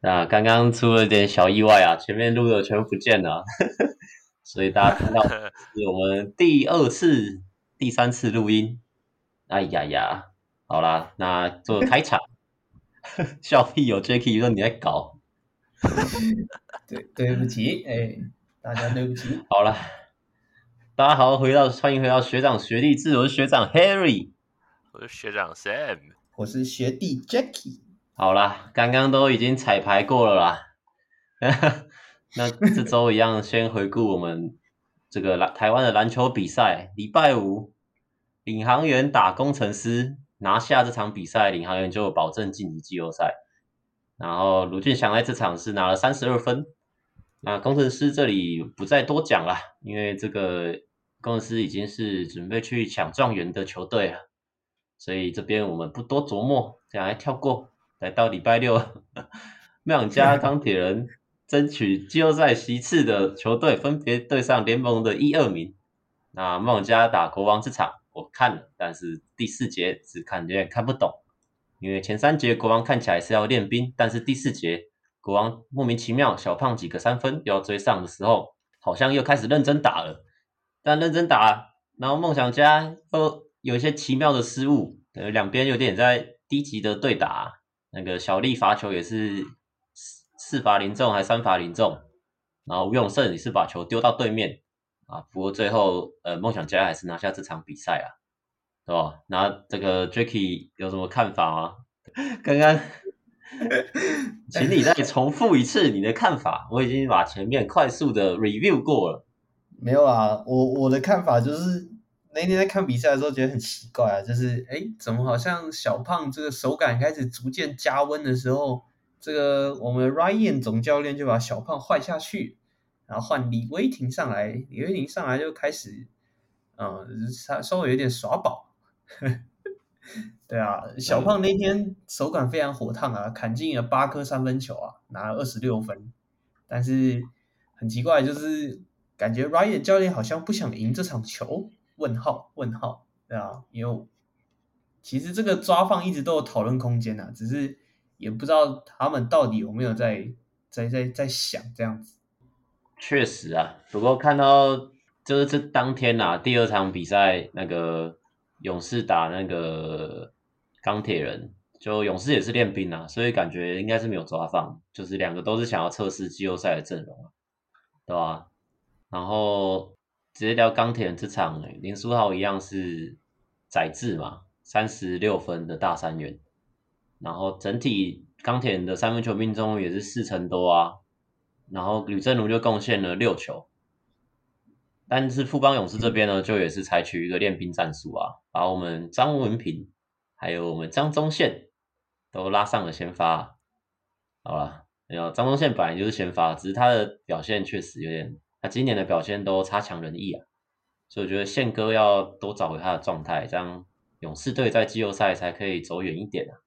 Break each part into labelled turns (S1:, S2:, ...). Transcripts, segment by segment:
S1: 那剛剛出了點小意外啊，前面錄的全不見了， 所以大家看到 是我們第二次、第三次錄音。哎呀呀，好啦，那做個開場，笑， 笑屁喲 Jacky 說你在搞， 對，對不起，哎，大
S2: 家對不起。
S1: 好了，大家好，回到歡迎回到學長學帝雉，我是學長 Harry，我
S3: 是學長 Sam，
S1: 我是學弟 Jacky。好啦，剛剛都已經彩排過了啦， 那這周一樣先回顧我們這個籃台灣的籃球比賽。禮拜五，領航員打工程師，拿下這場比賽，領航員就保證晉級季後賽。然後盧峻翔在這場是拿了三十二分，那工程師這裡不再多講了，因為這個工程師已經是準備去搶狀元的球隊了，所以這邊我們不多琢磨，這樣來跳過。來到禮拜六，夢想家、鋼鐵人爭取季後賽席次的球隊分別對上聯盟的一、二名。那夢想家打國王這場我看了，但是第四節只看有點看不懂，因為前三節國王看起來是要練兵，但是第四節國王莫名其妙小胖幾個三分要追上的時候，好像又開始認真打了。但認真打，然後夢想家呃有一些奇妙的失誤，呃，兩邊有點在低級的對打。那個小麗罰球也是四四罰零中，還三罰零中，然後吳永勝也是把球丟到對面啊。不過最後呃，夢想家還是拿下這場比賽啊，對吧？那這個 Jacky 有什麼看法嗎？剛剛， 請你再重複一次你的看法，我已經把前面快速的 review 過了。
S2: 沒有啊，我我的看法就是。那天在看比賽的時候，覺得很奇怪啊，就是哎，怎麼好像小胖這個手感開始逐漸加溫的時候，這個我們 Ryan 總教練就把小胖換下去，然後換李威霆上來，李威霆上來就開始，嗯，他稍微有點耍寶。 對啊，小胖那天手感非常火燙啊，砍進了八顆三分球啊，拿了二十六分，但是很奇怪，就是感覺 Ryan 教練好像不想贏這場球。問號？問號？對啊，因為其實這個抓放一直都有討論空間吶、啊，只是也不知道他們到底有沒有在在在在想這樣子。
S1: 確實啊，不過看到就是這當天吶、啊，第二場比賽那個勇士打那個鋼鐵人，就勇士也是練兵啊，所以感覺應該是沒有抓放，就是兩個都是想要測試季後賽的陣容啊，對吧？然後。直接聊鋼鐵人這場，林書豪一樣是宰制嘛，三十六分的大三元，然後整體鋼鐵人的三分球命中率也是四成多啊，然後呂政儒就貢獻了六球，但是富邦勇士這邊呢，就也是採取一個練兵戰術啊，把我們張文平還有我們張宗憲都拉上了先發，好了，沒有張宗憲本來就是先發，只是他的表現確實有點。他今年的表現都差強人意啊，所以我覺得憲哥要多找回他的狀態，這樣勇士隊在季後賽才可以走遠一點啊。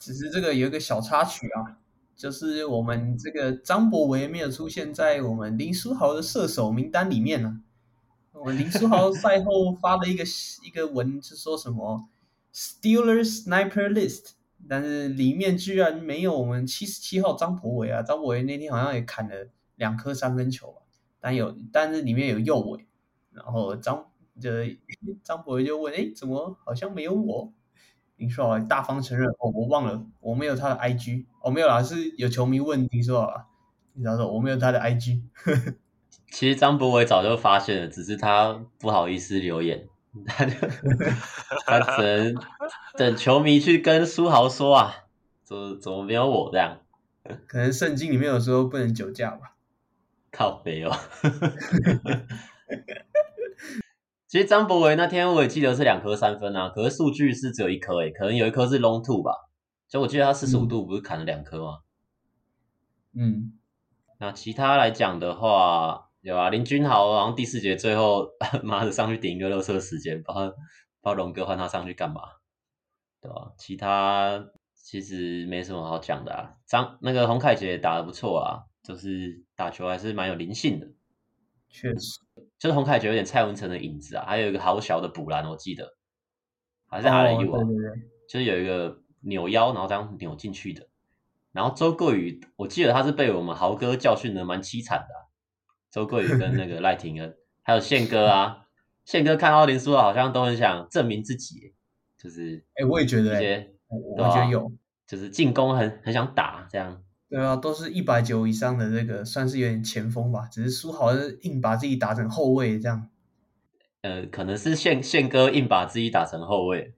S2: 只是這個有一個小插曲啊，就是我們這個張伯偉沒有出現在我們林書豪的射手名單裡面呢、啊。我們林書豪賽後發了一個 一個文，是說什麼 “Stealer Sniper List”，但是裡面居然沒有我們七十七號張伯偉啊。張伯偉那天好像也砍了兩顆三分球吧、啊。但有，但是裡面有右偉，然後張就張博偉就問：“誒，怎麼好像沒有我？”林書豪大方承認：“哦，我忘了，我沒有他的 I G，我、哦、沒有啦，是有球迷問林書豪，然後說，你早說我沒有他的 I G。”其
S1: 實張博偉早就發現了，只是他不好意思留言，他就他只能 等球迷去跟書豪說啊，怎麼怎麼沒有我這樣？可能聖經裡面有說不能酒駕吧。靠北哦！ 其實張博維那天我也記得是兩顆三分啊，可是數據是只有一顆誒、欸，可能有一顆是 long two 吧。所以我記得他四十五度不是砍了兩顆嗎？嗯，那其他來講的話，有啊，林君豪，然後第四節最後，媽的上去頂一個垃圾時間，把他把龍哥換他上去幹嘛？對吧、啊？其他其實沒什麼好講的啊。張那個洪凱杰打得不錯啊。就是打球還是蠻有靈性的，確實，就是洪楷傑有點蔡文誠的影子啊，還有一個好小的補籃，我記得，好像阿有一啊，哦、就是有一個扭腰然後這樣扭進去的。然後周桂宇，我記得他是被我們豪哥教訓的蠻淒慘的、啊。周桂宇跟那個賴廷恩， 還有憲哥啊，憲哥看奧林輸好像都很想證明自己，就是，哎、欸，我也覺得，吧我覺得有，就是進攻很很想打這樣。對
S2: 啊，都是一百九以上的這個，算是有點前鋒吧。只是書豪是硬把自己打成後衛這樣。
S1: 呃，可能是憲憲哥硬把自己打成後衛。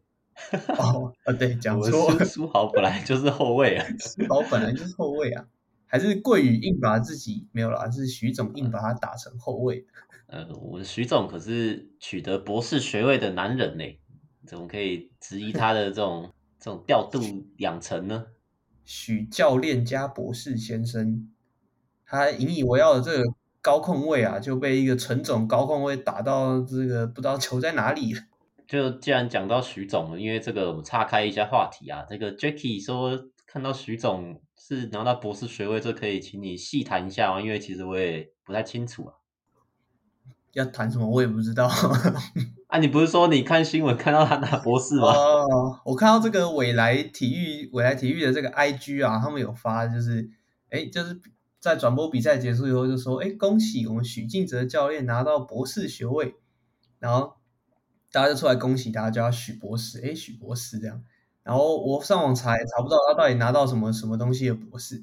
S1: 哦，啊、呃，對，講錯了。書豪本來就是後衛啊，書 豪本來就是後衛啊，
S2: 還是貴宇硬把自己沒有了，還是許總硬把他打成後衛。呃，
S1: 我們許總可是取得博士學位的男人呢、欸，怎麼可以質疑他的這種 這種調度養成呢？許教練加博
S2: 士先生，他引以為傲的這個高空位啊，就被一個純種高空位打到這個不知道球在哪裡了。
S1: 就既然講到許總，因為這個我們岔開一下話題啊。這個 Jacky 說看到許總是拿到博士學位，這可以請你細談一下嗎？因為其實我也不太清楚啊。
S2: 要談什麼我也不知道。 那、啊、你不是說你看新聞看到他拿博士嗎？哦、呃，我看到這個緯來體育、緯來體育的這個 I G 啊，他們有發，就是，哎，就是在轉播比賽結束以後，就說，哎，恭喜我們許晉哲教練拿到博士學位，然後大家就出來恭喜大家叫他許博士，哎，許博士這樣，然後我上網查也查不到他到底拿到什麼什麼東西的博士，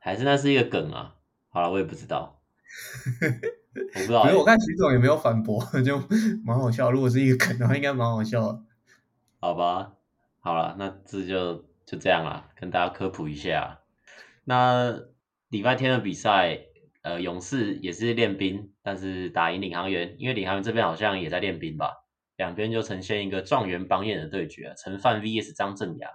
S1: 還是那是一個梗啊？好了，我也不知道。呵呵呵。我不,
S3: 知道不是我看徐
S2: 總也沒有反駁，就蠻好笑。如果是一個梗的話應該蠻好笑。
S1: 好吧，好了，那這就就這樣啦，跟大家科普一下啊。那禮拜天的比賽，呃，勇士也是練兵，但是打贏領航員，因為領航員這邊好像也在練兵吧。兩邊就呈現一個狀元榜眼的對決，陳范 VS 張鎮雅。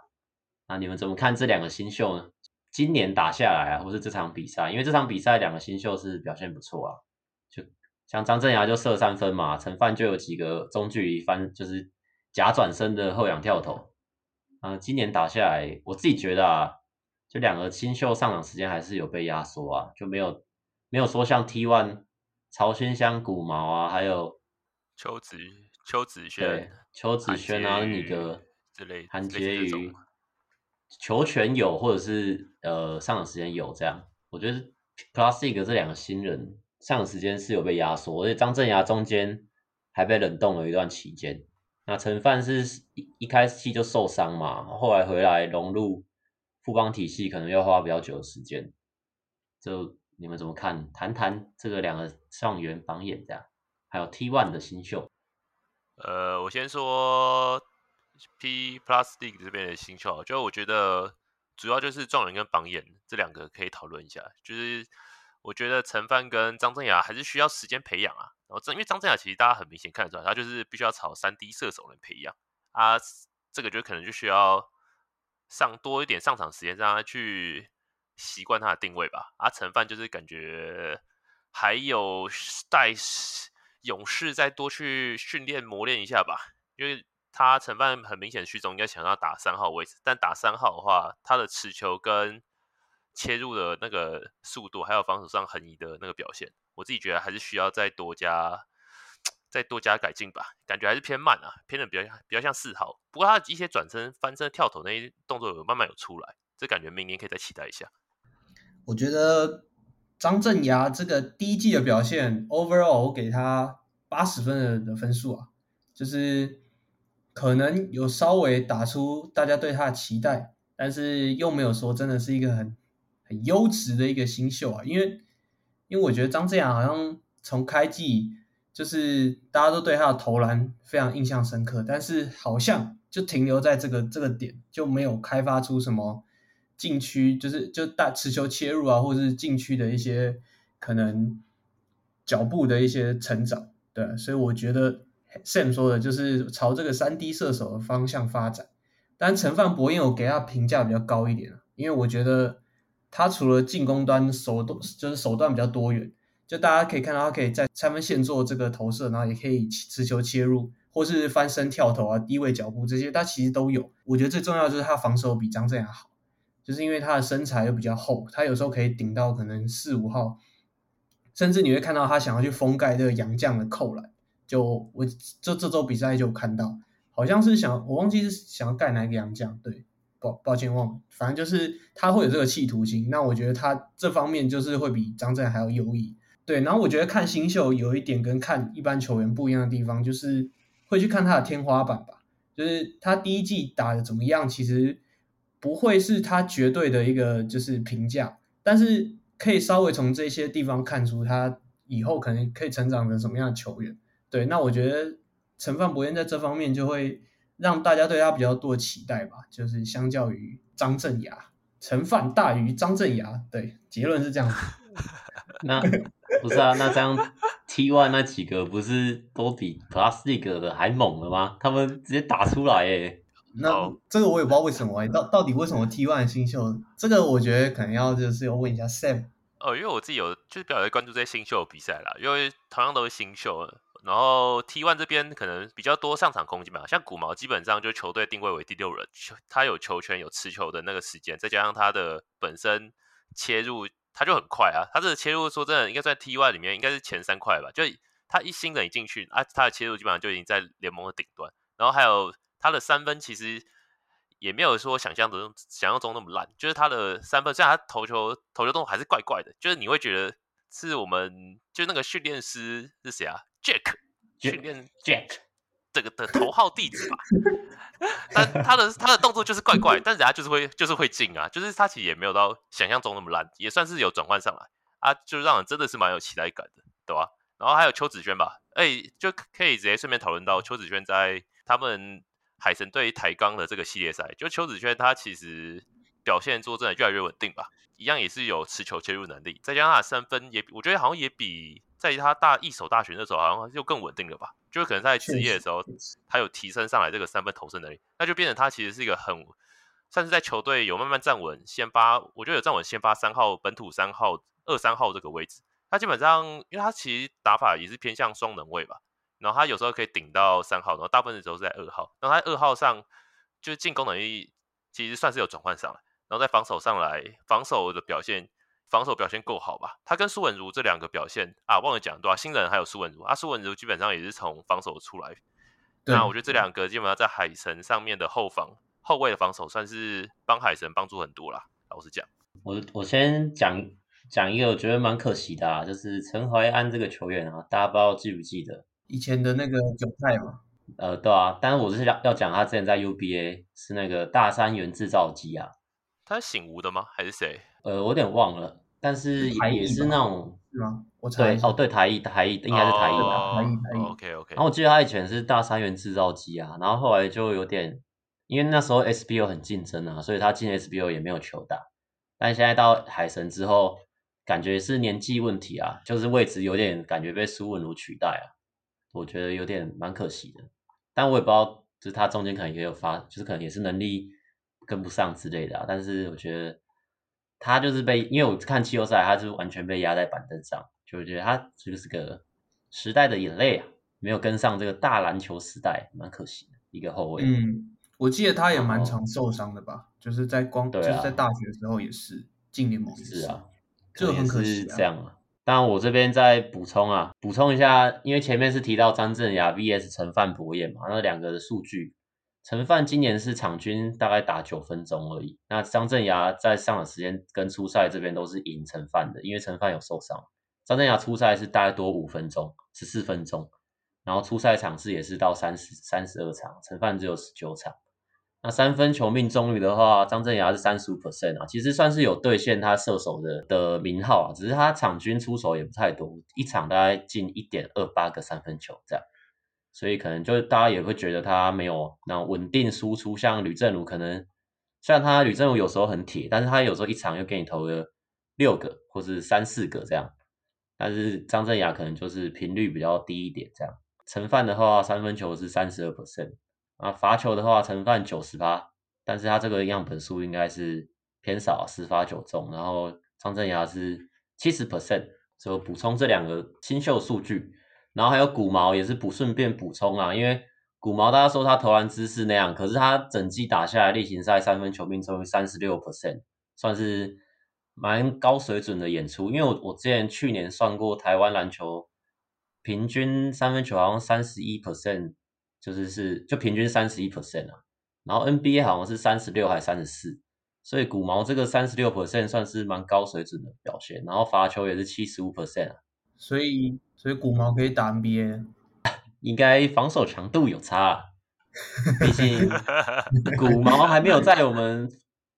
S1: 那你們怎麼看這兩個新秀呢？今年打下來啊，或是這場比賽？因為這場比賽兩個新秀是表現不錯啊。就像張鎮衙就射三分嘛，陳範就有幾個中距離翻，就是假轉身的後仰跳投。啊，今年打下來，我自己覺得啊，就兩個新秀上場時間還是有被壓縮啊，就沒有沒有說像 T1、曹薰襄、古毛啊，還有
S3: 邱子邱子軒、
S1: 邱對子軒啊，你的這類這，韓杰宇，球權有或者是呃上場時間有這樣，我覺得 classic 這兩個新人。上場時間是有被壓縮，而且張鎮衙中間還被冷凍了一段期間。那陳范是一,一開始就受傷嘛，後來回來融入富邦體系，可能要花比較久的時間。就你們怎麼看？談談這個兩個狀元榜眼這樣，還有 T1 的新秀。
S3: 呃，我先說 P Plus League 這邊的新秀，就我覺得主要就是狀元跟榜眼這兩個可以討論一下，就是。我覺得陳范跟張鎮衙還是需要時間培養啊。因為張鎮衙其實大家很明顯看得出來，他就是必須要朝三 D 射手來培養啊。這個就可能就需要上多一點上場時間，讓他去習慣他的定位吧。啊，陳范就是感覺還有待勇士再多去訓練磨練一下吧，因為他陳范很明顯是中，應該想要打三號位置，但打三號的話，他的持球跟切入的那個速度，還有防守上橫移的那個表現，我自己覺得還是需要再多加、再多加改進吧。感覺還是偏慢啊，偏的比較、比較像四號。不過他一些轉身、翻身、跳投那些動作有慢慢有出來，這感覺明年可以再期待一下。
S2: 我覺得張鎮衙這個第一季的表現，overall 我給他八十分的分數啊，就是可能有稍微打出大家對他的期待，但是又沒有說真的是一個很。優質的一個新秀啊，因為因為我覺得張鎮陽好像從開季就是大家都對他的投籃非常印象深刻，但是好像就停留在這個這個點，就沒有開發出什麼禁區，就是就大持球切入啊，或者是禁區的一些可能腳步的一些成長，對啊，所以我覺得 Sam 說的就是朝這個三 D 射手的方向發展。當然，陳范柏彥，我給他評價比較高一點啊，因為我覺得。他除了進攻端手段就是手段比較多元，就大家可以看到他可以在三分線做這個投射，然後也可以持球切入，或是翻身跳投啊，低位腳步這些，他其實都有。我覺得最重要的就是他的防守比張鎮衙好，就是因為他的身材又比較厚，他有時候可以頂到可能四五號，甚至你會看到他想要去封蓋這個洋將的扣籃。就我這這週比賽就看到，好像是想我忘記是想要蓋哪個洋將，對。抱抱歉忘了，反正就是他會有這個企圖心，那我覺得他這方面就是會比張震還要優異。對，然後我覺得看新秀有一點跟看一般球員不一樣的地方，就是會去看他的天花板吧，就是他第一季打得怎麼樣，其實不會是他絕對的一個就是評價，但是可以稍微從這些地方看出他以後可能可以成長成什麼樣的球員。對，那我覺得陳范柏彥在這方面就會。讓大家對他比較多的期待吧，就是相較於張鎮衙，陳范大於張鎮衙，對，結論是這樣子。
S1: 那不是啊，那這樣 T1 那幾個不是都比 P. League 的還猛了嗎？他們直接打出來耶、欸。那、oh.
S2: 這個我也不知道為什麼、欸，到到底為什麼 T1 新秀，這個我覺得可能要就是要問一下 Sam。
S3: 哦，因為我自己有就是比較關注這些新秀的比賽啦，因為同樣都是新秀。然後 T1 這邊可能比較多上場空間嘛，像古毛基本上就球隊定位為第六人，球他有球權有持球的那個時間，再加上他的本身切入他就很快啊，他這個切入說真的應該在 T1 裡面應該是前三快吧，就他一新人一進去啊，他的切入基本上就已經在聯盟的頂端。然後還有他的三分其實也沒有說想象中想象中那麼爛，就是他的三分雖然他投球投球動作還是怪怪的，就是你會覺得。是我們就那個訓練師是誰啊？Jack, Jack 訓練 Jack 這個的，的頭號弟子吧。他 他的他的動作就是怪怪，但是人家就是會就是會進啊,就是他其實也沒有到想象中那麼爛，也算是有轉換上來啊，就讓人真的是蠻有期待感的，對吧？然後還有邱子軒吧，哎、欸，就可以直接順便討論到邱子軒在他們海神對台鋼的這個系列賽，就邱子軒他其實。表現做真的越來越穩定吧，一樣也是有持球切入能力，再加上他的三分也，我覺得好像也比在他大一手大學的時候好像就更穩定了吧，就可能在職業的時候他有提升上來這個三分投射能力，那就變成他其實是一個很算是在球隊有慢慢站穩先發，我覺得有站穩先發三號本土三號二三號這個位置，他基本上因為他其實打法也是偏向雙能位吧，然後他有時候可以頂到三號，然後大部分的時候是在二號，然後他二號上就是進攻能力其實算是有轉換上來。然後在防守上來，防守的表現，防守表現夠好吧？他跟蘇文儒這兩個表現啊，忘了講對吧、啊？新人還有蘇文儒啊，蘇文儒基本上也是從防守出來。對那我覺得這兩個基本上在海神上面的後防對後衛的防守算是幫海神幫助很多啦。老實講，
S1: 我我先講講一個我覺得蠻可惜的啊，就是陳懷安這個球員啊，大家不知道記不記得以前的那個韭菜嘛？呃，對啊，但是我是要要講他之前在 U B A 是那個大三元製造機啊。他是醒吾的嗎？還是誰？呃，我有點忘了，但是台也是那種對是嗎？我猜、哦。對哦對台藝台藝應該是台藝吧？台藝台藝。O K O K。然後我記得他以前是大三元製造機啊，然後後來就有點，因為那時候 S B o 很競爭啊，所以他進 S B o 也沒有球打。但現在到海神之後，感覺是年紀問題啊，就是位置有點感覺被蘇文儒取代啊，我覺得有點蠻可惜的。但我也不知道，就是他中間可能也有發，就是可能也是能力。跟不上之類的，啊，但是我覺得他就是被，因為我看季後賽，他是完全被壓在板凳上，就覺得他就是個時代的眼淚啊，沒有跟上這個大籃球時代，蠻可惜的一個後衛。嗯，我記得
S2: 他也蠻常受傷的吧，後就是在光，啊，就是在大學的時候也是，近年某一次啊，
S1: 就很可惜，啊，可是這樣啊。當然我這邊再補充啊，補充一下，因為前面是提到張鎮雅 VS 陳范博彥嘛，那兩個的數據。陳范今年是場均大概打九分鐘而已。那張鎮衙在上場時間跟出賽這邊都是贏陳范的，因為陳范有受傷。張鎮衙出賽是大概多五分鐘，十四分鐘。然後出賽場次也是到三十三十二場，陳范只有十九場。那三分球命中率的話，張鎮衙是三十五 percent 啊，其實算是有兌現他射手的的名號啊，只是他場均出手也不太多，一場大概進一點二八個三分球這樣。所以可能就是大家也會覺得他沒有那種穩定輸出，像呂政儒可能，雖然他呂政儒有時候很鐵，但是他有時候一場又給你投了六個或是三四個這樣，但是張鎮衙可能就是頻率比較低一點這樣。成范的話，三分球是三十二 percent，啊，罰球的話成范九十八，但是他這個樣本數應該是偏少，十發九中，然後張鎮衙是七十 percent，所以補充這兩個新秀數據。然後還有古毛也是補順便補充啊，因為古毛大家說他投籃姿勢那樣，可是他整季打下來例行賽三分球命中率三十六 percent，算是蠻高水準的演出。因為我我之前去年算過台灣籃球平均三分球好像三十一 percent，就是是就平均三十一 percent 啊。然後 NBA 好像是三十六還是三十四，所以古毛這個三十六 percent 算是蠻高水準的表現。然後罰球也是七十五 percent 所以，所以古毛可以打 NBA，應該防守強度有差、啊，畢竟古毛還沒有在我們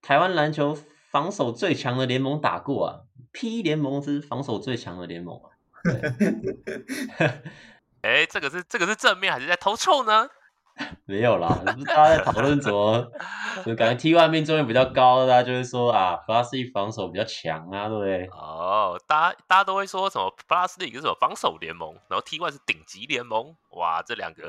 S1: 台灣籃球防守最強的聯盟打過啊，P 聯盟是防守最強的聯盟啊。
S3: 哎、欸，這個是這個是正面還是在偷臭呢？
S1: 沒有啦，不是大家在討論什麼？ 什麼感覺 T1 命中率比較高的，啊，大家就會、是、說啊，P. League 防守比較強啊，對不對？哦，
S3: 大家大家都會說什麼 P. League 就是防守聯盟，然後 T1 是頂級聯盟，哇，這兩個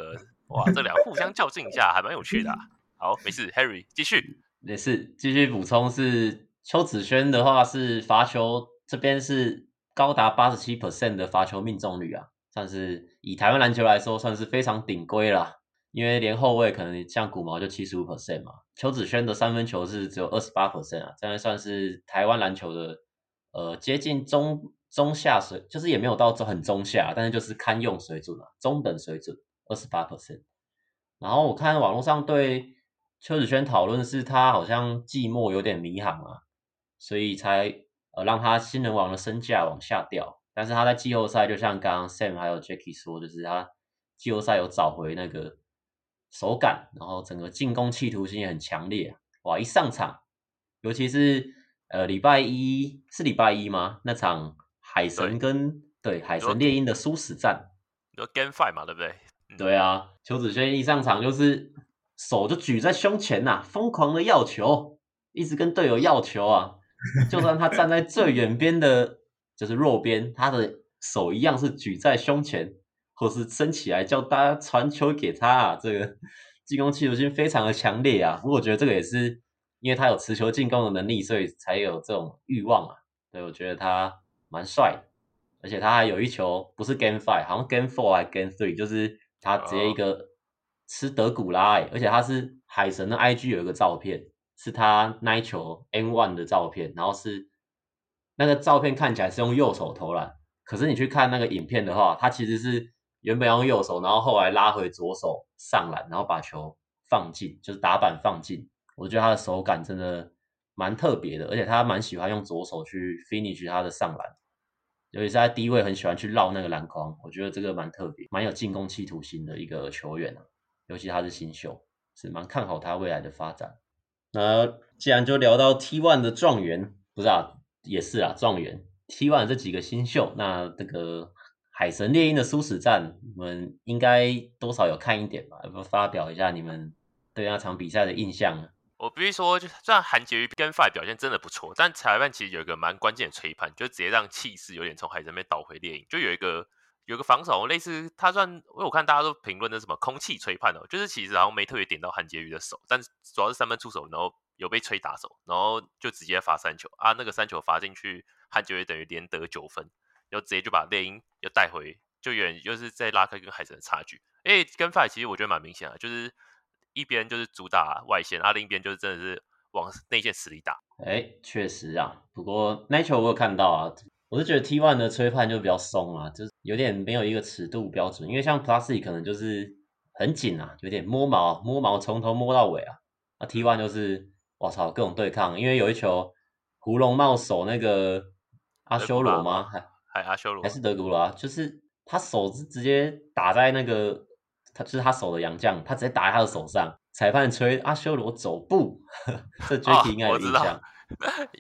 S3: 哇，這倆互相較勁一下還蠻有趣的，啊。 好，沒事，Harry 繼續，
S1: 沒事，繼續補充。是邱子軒的話是罰球這邊是高達八十七 percent 的罰球命中率啊，算是以台灣籃球來說，算是非常頂規了。因為連後衛可能像古毛就七十五 percent 嘛，邱子軒的三分球是只有二十八 percent 啊，這樣算是台灣籃球的呃接近中中下水，就是也沒有到很中下，但是就是堪用水準啊，中等水準二十八 percent。然後我看網絡上對邱子軒討論是他好像季末有點迷航啊，所以才呃讓他新人王的身價往下掉。但是他在季後賽就像剛剛 Sam 還有 Jacky 說，就是他季後賽有找回那個。手感，然後整個進攻企圖心也很強烈、啊，哇！一上場，尤其是呃禮拜一是禮拜一嗎？那場海神跟對，對海神獵鷹的殊死戰，
S3: 你說 Game Five 嘛，對不對？
S1: 對啊，嗯、邱子軒一上場就是手就舉在胸前吶、啊，瘋狂的要球，一直跟隊友要球啊，就算他站在最遠邊的， 就是弱邊，他的手一樣是舉在胸前。或是升起來叫大家傳球給他、啊，這個進攻企圖心非常的強烈啊！不過我覺得這個也是因為他有持球進攻的能力，所以才有這種慾望啊。所以我覺得他蠻帥，而且他還有一球不是 Game Five，好像 Game Four 還是 Game Three，就是他直接一個吃德古拉、欸，哦，而且他是海神的 IG 有一個照片，是他那一球 N One 的照片，然後是那個照片看起來是用右手投籃，可是你去看那個影片的話，他其實是。原本用右手，然後後來拉回左手上籃，然後把球放進，就是打板放進。我覺得他的手感真的蠻特別的，而且他蠻喜歡用左手去 finish 他的上籃，尤其是在低位很喜歡去繞那個籃筐。我覺得這個蠻特別，蠻有進攻企圖心的一個球員啊。尤其他是新秀，是蠻看好他未來的發展。那既然就聊到 T1 的狀元，不是啊，也是啊，狀元 T1 這幾個新秀，那這個。海神獵鷹的殊死戰，你們應該多少有看一點吧？有沒有發表一下你們對那場比賽的印象？
S3: 我必須說，就算韓杰瑜跟 Five 表現真的不錯，但裁判其實有一個蠻關鍵的吹判，就直接讓氣勢有點從海神那邊倒回獵鷹。就有一個有一個防守類似，他算因為我看大家都評論的什麼空氣吹判哦，就是其實好像沒特別點到韓杰瑜的手，但主要是三分出手，然後有被吹打手，然後就直接罰三球啊。那個三球罰進去，韓杰瑜等於連得九分。就直接就把獵鷹又帶回，就遠就是在拉開跟海神的差距。哎、欸，跟法其實我覺得蠻明顯啊，就是一邊就是主打外線，啊另一邊就是真的是往內線實力打。哎、
S1: 欸，確實啊。不過那一球我有看到啊，我是覺得 T1 的吹判就比較鬆啊，就是有點沒有一個尺度標準。因為像 Plusi 可能就是很緊啊，有點摸毛摸毛，從頭摸到尾啊。啊，T1 就是我操各種對抗，因為有一球胡瓏貿守那個
S3: 阿修羅嗎？還、哎、阿修羅還是德
S1: 古拉啊？就是他手是直接打在那個，他、就是他手的楊將，他直接打在他的手上。裁判吹阿修羅走步
S3: 呵，這 J K 應該有印象，哦、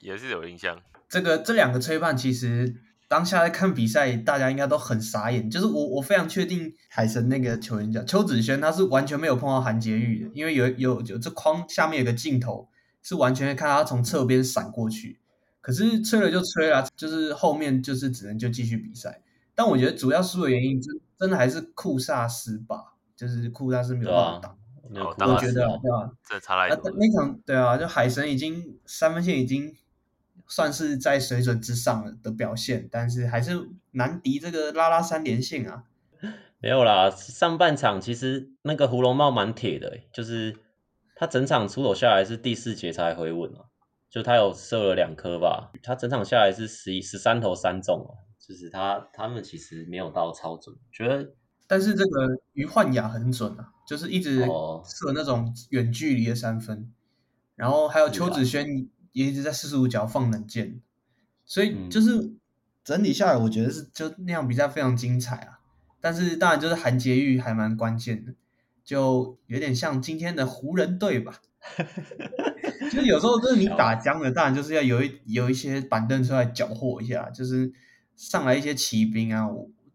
S3: 也是有印象。
S1: 這個這兩個吹
S2: 判，其實當下在看比賽，大家應該都很傻眼。就是我我非常確定海神那個球員叫邱子軒，他是完全沒有碰到韓杰宇的，因為有有有這框下面有個鏡頭，是完全看他從側邊閃過去。可是吹了就吹了、啊，就是後面就是只能就繼續比賽。但我覺得主要輸的原因，真真的還是庫薩斯吧，就是庫薩斯沒有辦法擋，
S1: 我覺得對
S2: 啊。那那場對啊，就海神已經三分線已經算是在水準之上的表現，但是還是難敵這個拉拉三連線啊。
S1: 沒有啦，上半場其實那個胡龍茂蠻鐵的、欸，就是他整場出手下來是第四節才回穩啊。就他有射了兩顆吧，他整場下來是十一十三投三中哦，就是他他們其實沒有到超準，覺得
S2: 但是這個於煥雅很準啊，就是一直射那種遠距離的三分，哦、然後還有邱子軒也一直在四十五角放冷箭，吧所以就是整體下來我覺得是就那場比賽非常精彩啊，但是當然就是韓杰玉還蠻關鍵的，就有點像今天的湖人隊吧。 就是有時候，就是你打僵了，好當然就是要有一有一些板凳出來攪和一下，就是上來一些騎兵啊。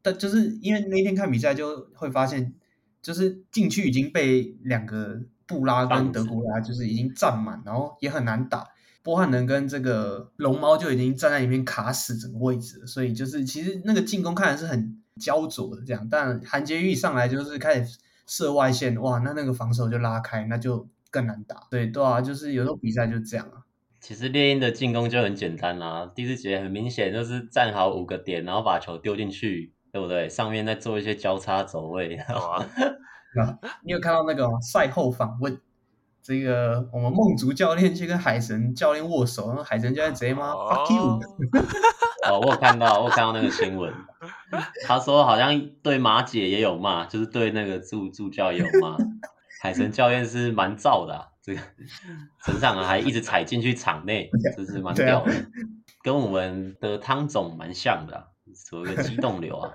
S2: 但就是因為那一天看比賽，就會發現，就是禁區已經被兩個布拉跟德古拉，就是已經占滿，子然後也很難打。波漢能跟這個龍貓就已經站在裡面卡死整個位置，所以就是其實那個進攻看來是很焦灼的這樣。但韓杰玉上來就是開始射外線，哇，那那個防守就拉開，那就。更難打，對，對啊，就是有時候比賽就這樣啊。
S1: 其實獵鷹的進攻就很簡單啦，啊，第四節也很明顯就是站好五個點，然後把球丟進去，對不對？上面再做一些交叉走位。
S2: 好，哦， 啊，你有看到那個賽後訪問，這個我們孟族教練去跟海神教練握手，然後海神教練直接罵 “fuck you”。哦， 哦，
S1: 我有看到，我有看到那個新聞，他說好像對馬姐也有罵，就是對那個助助教也有罵。 海神教練是蠻燥的、啊，這個身上還一直踩進去場內，就 是蠻屌的，跟我們的湯總蠻像的、啊，屬於一個機動流啊。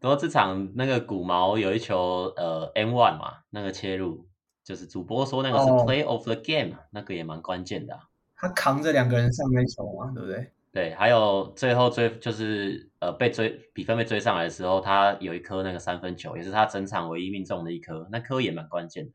S1: 不過 這場那個古毛有一球，呃，M one 嘛，那個切入就是主播說那個是 play of the game，、哦、那個也蠻關鍵的、
S2: 啊。他扛着兩個人上那球嘛，對不對？
S1: 對，還有最後追就是呃被追比分被追上來的時候，他有一顆那個三分球，也是他整場唯一命中的一顆，那顆也蠻關鍵的。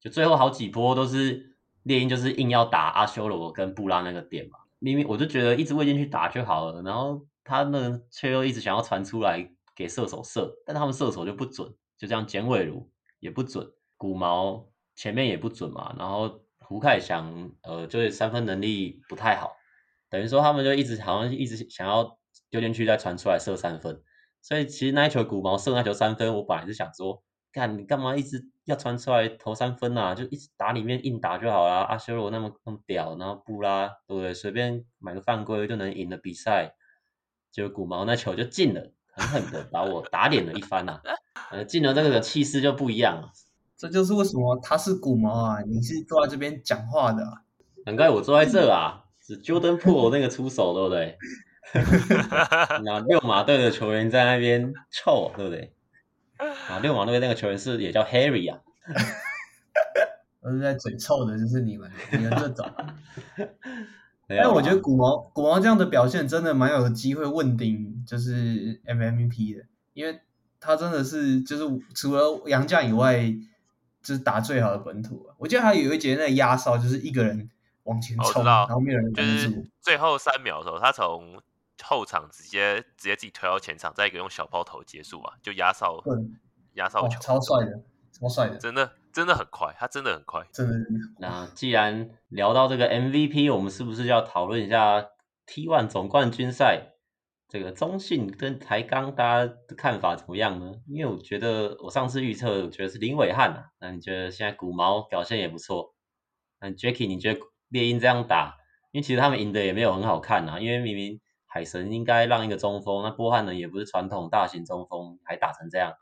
S1: 就最後好幾波都是獵鷹，就是硬要打阿修羅跟布拉那個點嘛。明明我就覺得一直未進去打就好了，然後他們卻又一直想要傳出來給射手射，但他們射手就不準，就這樣簡偉儒也不準，谷毛前面也不準嘛。然後胡凱翔呃就是三分能力不太好。等於說他們就一直好像一直想要丟進去再傳出來射三分，所以其實那一球古毛射那球三分，我本來是想說，幹你幹嘛一直要傳出來投三分啊？就一直打裡面硬打就好啦。阿修羅那麼那麼屌，然後布拉對不對？隨便買個犯規就能贏的比賽，結果古毛那球就進了，狠狠的把我打臉了一番吶、啊！ 呃，進了這個氣勢就不一樣了。
S2: 這就是為什麼他是古毛啊，你是坐在這
S1: 邊講話的、啊，難怪我坐在這啊。是 Jordan Poole 那個出手對不對？那 六馬隊的球員在那邊臭對不對？啊，六馬那邊那個球員是也叫 Harry 啊。
S2: 我 是在嘴臭的就是你們， 你們這種、
S1: 啊。 但我覺
S2: 得古毛 古毛這樣的表現真的蠻有機會問鼎就是 MVP、MM、的，因為他真的是就是除了楊將以外，就是打最好的本土、啊。我記得他有一節那個壓哨，就是一個人。往前衝，哦、然後沒有人攔住。就是
S3: 最後三秒的時候，他從後場直接直接自己推到前場，再一個用小拋投結束啊，就壓哨，對壓哨球，超帥的，超帥的，真的真的很快，他真的很快，真的
S1: 真的。那既然聊到這個 MVP，我們是不是就要討論一下 T1 總冠軍賽這個中信跟台鋼大家的看法怎麼樣呢？因為我覺得我上次預測，我覺得是林韋翰啊，那你覺得現在古毛表現也不錯，嗯 Jacky 你覺得？獵鷹這樣打，因為其實他們贏的也沒有很好看吶，啊，因為明明海神應該讓一個中鋒，那波漢呢也不是傳統大型中鋒，還打成這樣。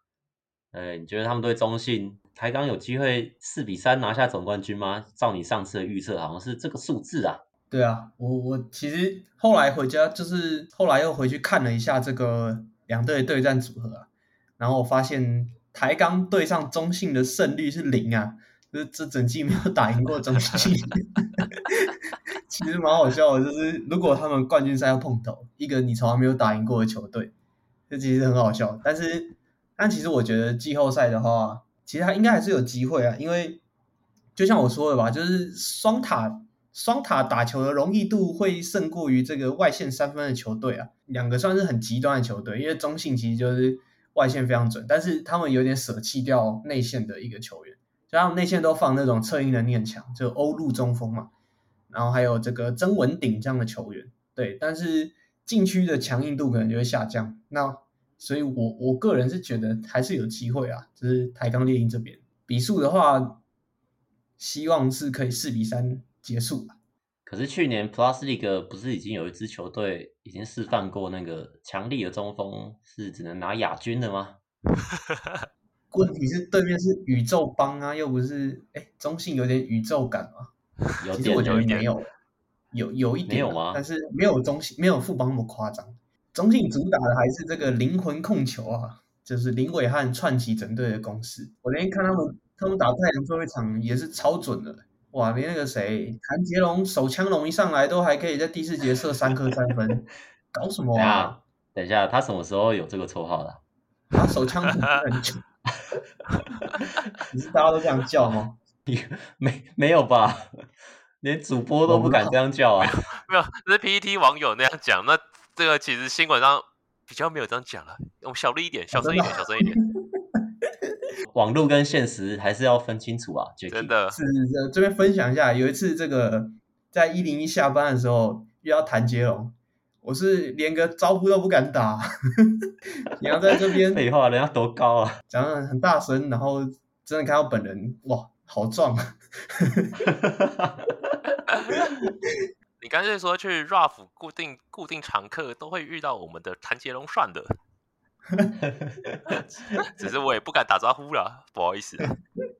S1: 呃，你覺得他們對中信台鋼有機會四比三拿下總冠軍嗎？照你上次的預測，好像是這個數字啊。
S2: 對啊，我我
S1: 其實後來回家，就
S2: 是後來又回去看了一下這個兩隊對戰組合，啊，然後發現台鋼對上中信的勝率是零啊。這這整季沒有打贏過中信， 其實蠻好笑的。就是如果他們冠軍賽要碰頭，一個你從來沒有打贏過的球隊，這其實很好笑。但是，但其實我覺得季後賽的話，其實他應該還是有機會啊。因為就像我說的吧，就是雙塔雙塔打球的容易度會勝過於這個外線三分的球隊啊。兩個算是很極端的球隊，因為中信其實就是外線非常準，但是他們有點舍棄掉內線的一個球員。像內線都放那種側翼的念牆，就歐陸中鋒嘛，然後還有這個曾文鼎這樣的球員，對，但是禁區的強硬度可能就會下降。那所以我，我我個人是覺得還是有機會啊，就是台鋼獵鷹這邊，比數的話，希望是可以四比三結束吧。
S1: 可是去年 Plus League 不是已經有一支球隊已經示範過那個強力的中鋒，是只能拿亞軍的嗎？哈哈哈。
S2: 問題是對面是宇宙幫啊，又不是哎，中信有點宇宙感啊，有
S3: 點，實我沒有，
S2: 有有一點，有，有，一點有、啊、但是沒有中信沒有富邦那麼誇張。中信主打的還是這個靈魂控球啊，就是林韋翰串起整隊的攻勢。我連看他們他們打太陽最後一場也是超準的，哇，連那，那個誰譚傑龍手槍龍一上來都還可以在第四節射三顆三分， 搞什麼啊？
S1: 等一下，他什麼時候有這個綽號了？他、啊、手槍很強。你 是大家都這樣叫嗎？你 沒沒有吧？連主播都不敢這樣叫啊！沒有，
S3: 沒有是 PPT 網友那樣講。那這個其實新聞上比較沒有這樣講了。我小力一點，小聲一點，小聲一點。一
S1: 點 網絡跟現實還是要分清楚啊！Jacky，真的，是,是,是這邊分享
S2: 一下。有一次，這個在一零一下班的時候又要談傑龍。我是連個招呼都不敢打，
S1: 你 要在這邊廢話，人家要多高啊？
S2: 講得很大聲，然後真的看到本人，哇，好壯啊！
S3: 你乾脆說去 RAF 固定固定常客都會遇到我們的譚傑龍，算的， 只是我也不敢打招呼了，不好意思。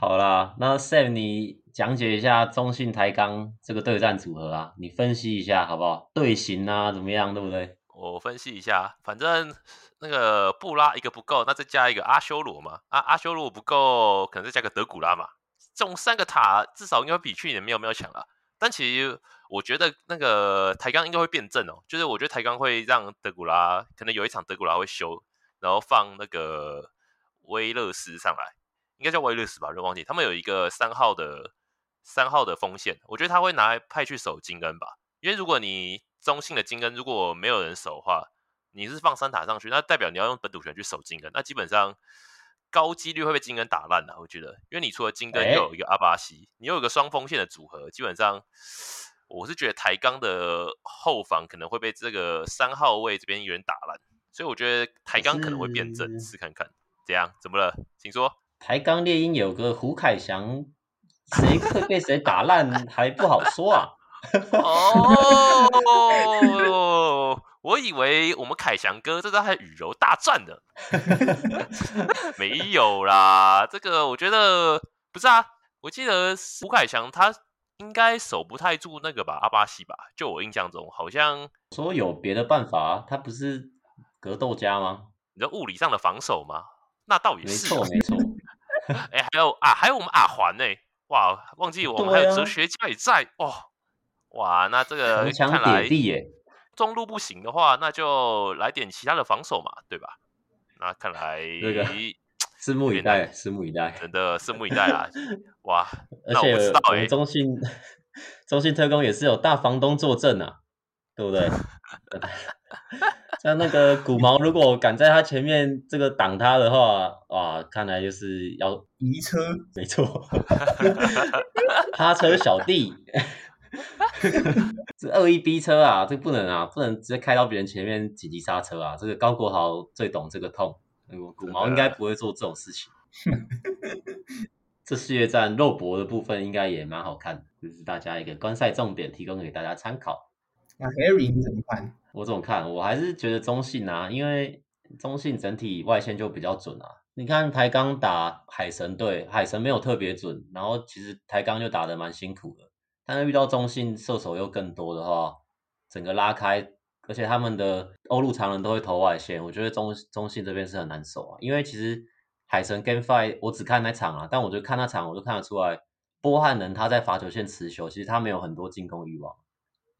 S1: 好啦，那 Sam 你講解一下中信台鋼這個對戰組合啊，你分析一下好不好？隊形啊怎麼樣，對不對？
S3: 我分析一下，反正那個布拉一個不夠，那再加一個阿修羅嘛，啊阿修羅不夠，可能再加個德古拉嘛。中三個塔至少應該會比去年沒有沒有強了，但其實我覺得那個台鋼應該會變陣哦，就是我覺得台鋼會讓德古拉可能有一場德古拉會休，然後放那個威勒斯上來。應該叫威利斯吧，就忘記他們有一個三號的三號的鋒線，我覺得他會拿來派去守金恩吧。因為如果你中性的金恩，如果沒有人守的話，你是放三塔上去，那代表你要用本土權去守金恩。那基本上高幾率會被金恩打爛的，啊。我覺得，因為你除了金恩，又、欸、有一個阿巴西，你有一個雙鋒線的組合，基本上我是覺得台鋼的後防可能會被這個三號位這邊有人打爛，所以我覺得台鋼可能會變陣，試是看看怎樣，怎麼了，請說。
S1: 台鋼獵鷹有個胡凱翔，誰會被誰打爛還不好說啊！
S3: 哦，我以為我們凱翔哥這個還雨柔大戰的， 沒有啦，這個我覺得不是啊。我記得胡凱翔他應該守不太住那個吧，阿巴西吧？就我印象中好像說有別的辦法、啊，他不是格鬥家嗎？你的物理上的防守嗎？那倒也是、啊，沒錯，沒錯。 哎、欸，還有啊，還有我們阿環呢，哇，忘記我們還有哲學家也在、啊、哦，哇，那這個看來中路不行的話，那就來點其他的防守嘛，對吧？那看來這個
S1: 拭目以待，拭目以
S3: 待，來以待真的拭目以待啊！ 哇，那我知道欸、而且我
S1: 們中信中信特攻也是有大房東坐鎮啊，對不對？ 像那個古毛，如果敢在他前面這個擋他的話，哇，看來就是要移車，沒錯，哈 剎車小弟，哈 惡意逼車啊，這不能啊，不能直接開到別人前面緊急剎車啊。這個高國豪最懂這個痛，古毛應該不會做這種事情。這世界站肉搏的部分應該也蠻好看的，這是大家一個觀賽重點，提供給大家參考。
S2: 那 Harry 你怎麼看？
S1: 我怎麼看？我還是覺得中信啊，因為中信整體外線就比較準啊。你看台鋼打海神隊，海神沒有特別準，然後其實台鋼就打得蠻辛苦的。但是遇到中信射手又更多的話，整個拉開，而且他們的歐陸常人都會投外線，我覺得中中信這邊是很難受啊。因為其實海神 Game Five 我只看那場啊，但我就看那場，我就看得出來波漢人他在罰球線持球，其實他沒有很多進攻慾望。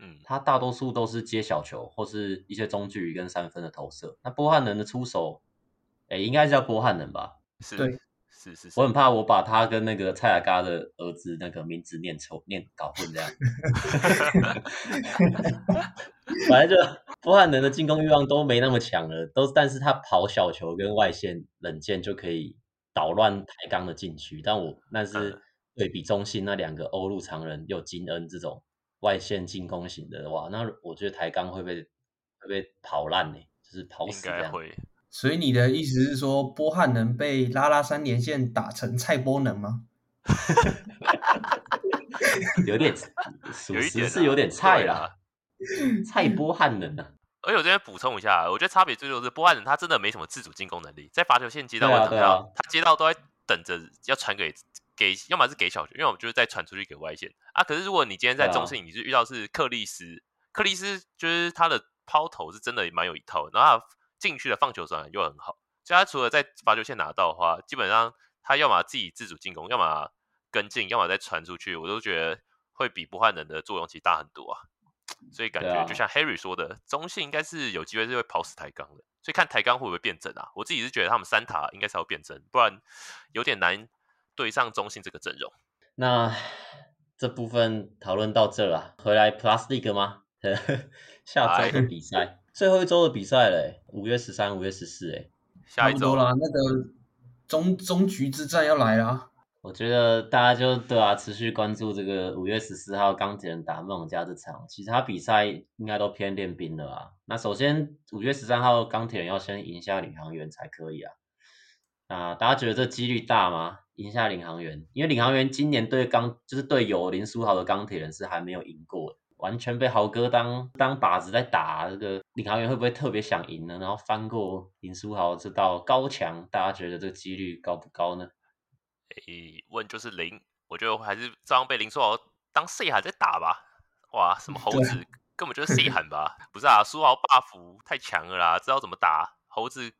S1: 嗯，他大多數都是接小球或是一些中距離跟三分的投射。那波漢能的出手，哎、欸，應該是叫波漢能吧？是，是是對。我很怕我把他跟那個蔡阿嘎的兒子那個名字念錯、念搞混這樣。反正就波漢能的進攻慾望都沒那麼強了，都是但是他跑小球跟外線冷箭就可以搗亂台鋼的禁區。但我那是對比中信那兩個歐陸常人又金恩這種，外線進攻型的話，那我覺得台鋼會被會被跑爛呢、欸，就是跑死。應該會。
S2: 所以你的意思是說，波漢能被拉拉三連線打成菜波能嗎？
S3: 有點，屬實是有點菜啦。
S1: 菜波漢能
S3: 啊！啊啊而且我這邊補充一下，我覺得差別最多是波漢能，他真的沒什麼自主進攻能力，在罰球線接到，啊啊，他接到都在等着要傳給。給，要麼是給小球，因為我們就是再傳出去給外線啊。可是如果你今天在中信，啊、你是遇到是克里斯，克里斯就是他的拋投是真的蠻有一套的，然後他進去的放球手上又很好，所以他除了在罰球線拿到的話，基本上他要麼自己自主進攻，要麼跟進，要麼再傳出去，我都覺得會比不換人的作用其實大很多啊。所以感覺就像 Harry 說的，中信應該是有機會是會跑死台鋼的，所以看台鋼會不會變陣啊？我自己是覺得他們三塔應該是要變陣，不然有點難。對上中信這個陣容，
S1: 那這部分討論到這了啦。回來 Plus League 嗎？ 下周的比賽，來最後一周的比賽嘞，五月十三、五月十四哎，下一周啦。那個終終局之戰要來啦。我覺得大家就對啊，持續關注這個五月十四號鋼鐵人打夢想家這場。其他比賽應該都偏練兵了吧？那首先五月十三號鋼鐵人要先贏下領航員才可以啊。啊，大家覺得這幾率大嗎？贏下領航員，因為領航員今年對鋼就是隊友林書豪的鋼鐵人是還沒有贏過，完全被豪哥當當靶子在打。這個領航員會不會特別想贏呢？然後翻過林書豪這道高牆，大家覺得這個幾率高不高呢？誒，
S3: 問就是零，我覺得還是照樣被林書豪當 C 喊在打吧。哇，什麼猴子對根本就是 C 喊吧？ 不是啊，書豪 buff 太強了啦，知道怎麼打猴子。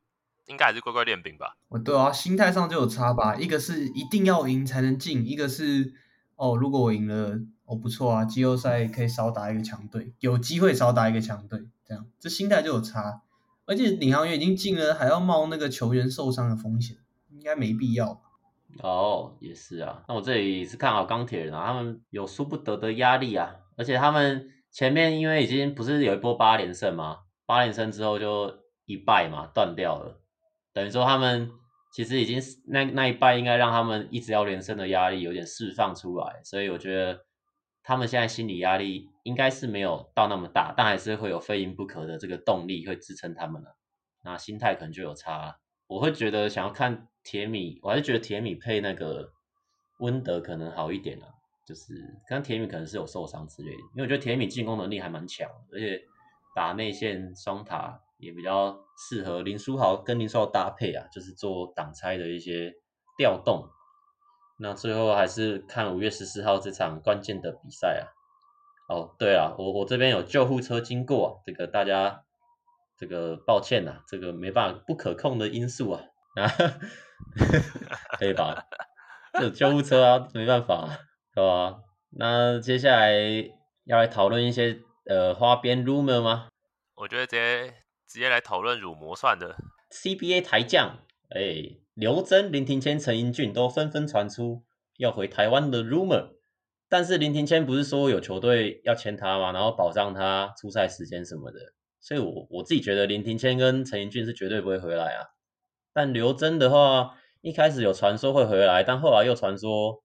S3: 應該還是乖乖練兵吧。
S2: 我、哦、對啊，心態上就有差吧。一個是一定要贏才能進，一個是哦，如果我贏了，哦不錯啊，季後賽可以少打一個強隊，有機會少打一個強隊，這樣這心態就有差。而且領航員已經進了，還要冒那個球員受傷的風險，應該沒必要吧？
S1: 哦，也是啊。那我這裡是看好鋼鐵人啊，他們有輸不得的壓力啊。而且他們前面因為已經不是有一波八連勝嗎？八連勝之後就一敗嘛，斷掉了。等於說他們其實已經是那那一敗，應該讓他們一直要連勝的壓力有點釋放出來，所以我覺得他們現在心理壓力應該是沒有到那麼大，但還是會有非贏不可的這個動力會支撐他們了，那心態可能就有差。我會覺得想要看鐵米，我還是覺得鐵米配那個溫德可能好一點啊，就是剛鐵米可能是有受傷之類的，因為我覺得鐵米進攻能力還蠻強，而且打內線雙塔。也比較適合林書豪跟林書豪搭配啊，就是做擋拆的一些調動。那最後還是看五月十四號這場關鍵的比賽啊。哦，對了，我我這邊有救護車經過啊，這個大家這個抱歉吶啊，這個沒辦法，不可控的因素啊。哈哈，可以吧？這 救護車啊， 沒辦法啊，是吧？那接下來要來討論一些呃花邊 rumor 嗎？
S3: 我覺得直接。直接來討論乳膜算的。
S1: CBA 台將，哎、欸，劉錚、林庭謙、陳盈駿都紛紛傳出要回台灣的 rumor，但是林庭謙不是說有球隊要簽他嗎？然後保障他出賽時間什麼的，所以我我自己覺得林庭謙跟陳盈駿是絕對不會回來啊。但劉錚的話，一開始有傳說會回來，但後來又傳說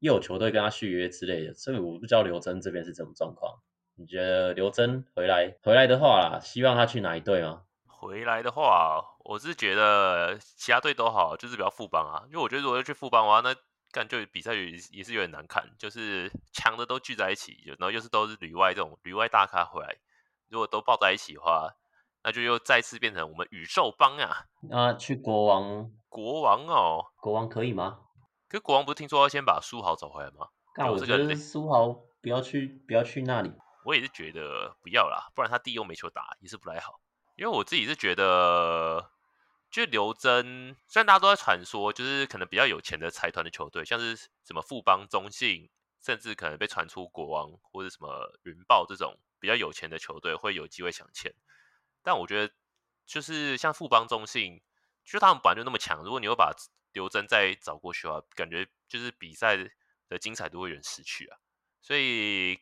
S1: 又有球隊跟他續約之類的，所以我不知道劉錚這邊是什麼狀況。你覺得劉錚回來回來的話，希望他去哪一隊嗎？
S3: 回來的話，我是覺得其他隊都好，就是比較富邦啊。因為我覺得如果要去富邦的話，那感覺比賽也也是有點難看，就是強的都聚在一起，就然後又是都是旅外這種旅外大咖回來，如果都抱在一起的話，那就又再次變成我們宇宙邦啊。
S1: 那、啊、去國王
S3: 國王哦
S1: 國王可以嗎？
S3: 可國王不是聽說要先把書豪找回來嗎？但我覺得
S1: 書豪不要去，不要去那裡。
S3: 我也是覺得不要啦，不然他第一又沒球打也是不太好。因為我自己是覺得，就劉珍雖然大家都在傳說，就是可能比較有錢的財團的球隊，像是什麼富邦、中信，甚至可能被傳出國王或者什麼雲豹這種比較有錢的球隊會有機會搶錢，但我覺得，就是像富邦、中信，其實他們本來就那麼強，如果你又把劉珍再找過去的、啊、話，感覺就是比賽的精彩都會有人失去啊。所以。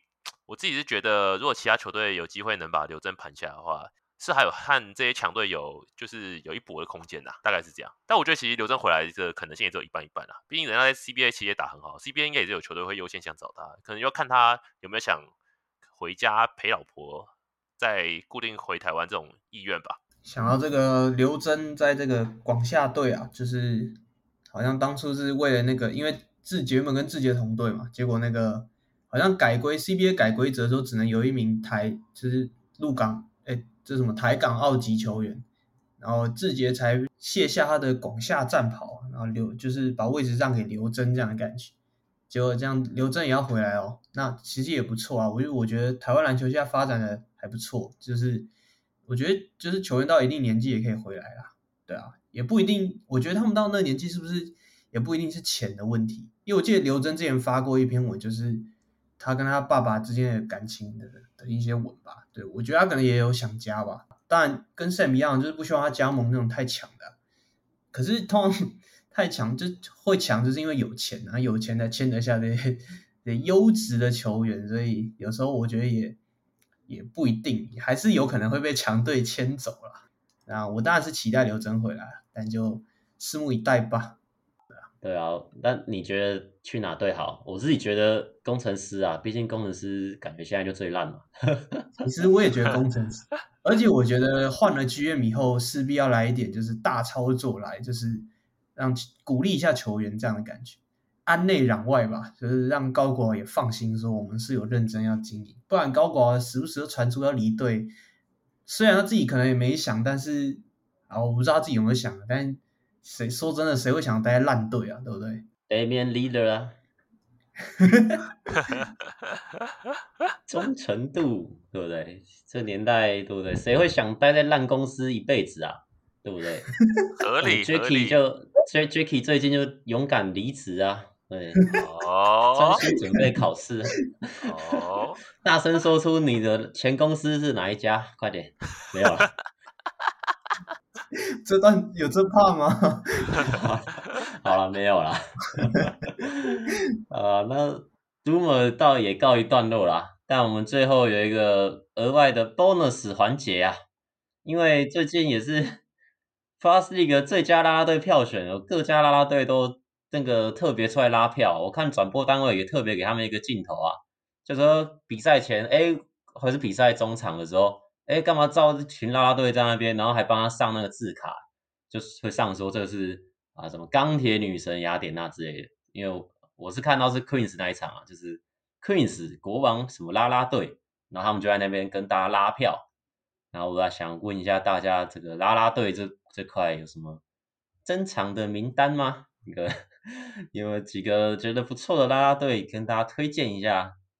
S3: 我自己是覺得，如果其他球隊有機會能把劉錚盤下來的話，是還有和這些強隊有就是有一搏的空間啊，大概是這樣。但我覺得其實劉錚回來的可能性也只有一半一半啦、啊，畢竟人家在 CBA 其實也打很好，CBA 應該也是有球隊會優先想找他，可能要看他有沒有想回家陪老婆，再固定回台灣這種意願吧。
S2: 想到這個劉錚在這個廣廈隊啊，就是好像當初是為了那個，因為志傑們跟志傑同隊嘛，結果那個。好像改規 CBA 改規則的時候只能有一名台，就是入港哎、欸，這什麼台港澳籍球員，然後志傑才卸下他的廣廈戰袍，然後劉就是把位置讓給劉錚這樣的感覺。結果這樣劉錚也要回來哦，那其實也不錯啊。我我覺得台灣籃球現在發展的還不錯，就是我覺得就是球員到一定年紀也可以回來啦。對啊，也不一定。我覺得他們到那個年紀是不是也不一定是錢的問題？因為我記得劉錚之前發過一篇文，就是。他跟他爸爸之間的感情的的一些吻吧，對，我覺得他可能也有想家吧。當然跟 Sam 一樣，就是不希望他加盟那種太強的。可是通常太強就會強，就是因為有錢，然後有錢才簽得下這些，這些優質的球員。所以有時候我覺得也也不一定，還是有可能會被強隊簽走了。然後我當然是期待劉錚回來，但就拭目以待吧。
S1: 對啊，那你覺得去哪隊好？我自己覺得工程師啊，畢竟工程師感覺現在就最爛嘛。
S2: 其實我也覺得工程師，而且我覺得換了 GM 以後，勢必要來一點就是大操作來，來就是讓鼓勵一下球員這樣的感覺，安內攘外吧，就是讓高國豪也放心說我們是有認真要經營，不然高國豪時不時都傳出要離隊，雖然他自己可能也沒想，但是啊，我不知道他自己有沒有想，但。誰說真的？誰會想待在爛隊啊？對
S1: 不對？A. M. Leader 啊， 忠誠度對不對？這年代對不對？誰會想待在爛公司一輩子啊？對不對？合理、oh,，Jacky 理就 Jacky 最近就勇敢離職啊，對，好專心準備考試，哦好， 大聲說出你的前公司是哪一家？快點，沒有了。
S2: 這段有這怕嗎？
S1: 好了，沒有了。啊， 那 d o o m 倒也告一段落了。但我們最後有一個額外的 bonus 環節啊，因為最近也是 plus league 最佳拉拉隊票選，有各家拉拉隊都那個特別出來拉票。我看轉播單位也特別給他們一個鏡頭啊，就是說比賽前誒，或是比賽中場的時候。哎，幹嘛招這群啦啦隊在那邊，然後還幫他上那個字卡，就是會上說這個是啊什麼鋼鐵女神雅典娜之類的。因為我是看到是 Queens 那一場啊，就是 Queens 國王什麼啦啦隊，然後他們就在那邊跟大家拉票。然後我想問一下大家，這個啦啦隊這這塊有什麼珍藏的名單嗎？那個有幾個覺得不錯的啦啦隊跟大家推薦一下？